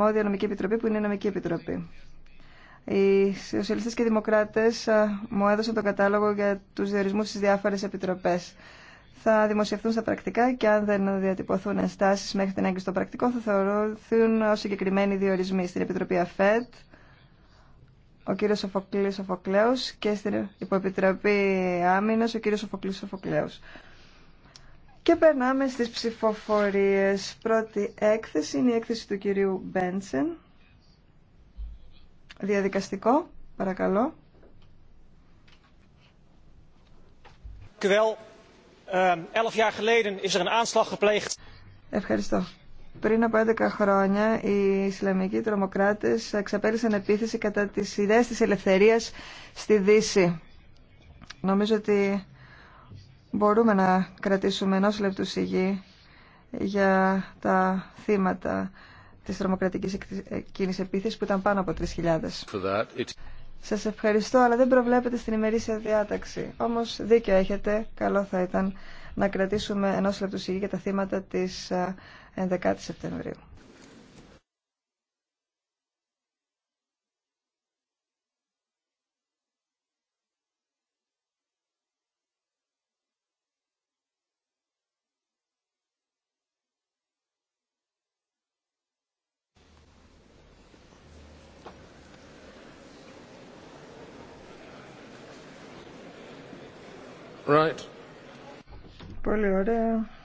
αρμόδια νομική επιτροπή που είναι η νομική επιτροπή. Οι σοσιαλιστές και οι δημοκράτες μου έδωσαν τον κατάλογο για τους διορισμούς στις διάφορες επιτροπές. Θα δημοσιευθούν στα πρακτικά και αν δεν διατυπωθούν ενστάσεις μέχρι την έγκριση των πρακτικών θα θεωρούν ως συγκεκριμένοι διορισμοί στην Επιτροπή ΑΦΕΤ, ο κύριος Σοφοκλής Σοφοκλέος και στην Υποεπιτροπή Άμυνας ο κύριος Σοφοκλής Σοφοκλέος. Και περνάμε στις ψηφοφορίες. Πρώτη έκθεση είναι η έκθεση του κυρίου Μπέντσεν. Διαδικαστικό, παρακαλώ. Ehm, er Ευχαριστώ. Πριν από 11 χρόνια οι Ισλαμικοί τρομοκράτε εξαπέλυσαν επίθεση κατά τι ιδέε της ελευθερίας στη Δύση. Νομίζω ότι μπορούμε να κρατήσουμε ενό λεπτού σιγή για τα θύματα της τρομοκρατικής κίνησης επίθεσης που ήταν πάνω από 3.000. Σας ευχαριστώ, αλλά δεν προβλέπετε στην ημερήσια διάταξη. Όμως δίκιο έχετε, καλό θα ήταν να κρατήσουμε ενό λεπτού σιγή για τα θύματα της 11 ε, η Σεπτεμβρίου. Right. Πολύ ωραία.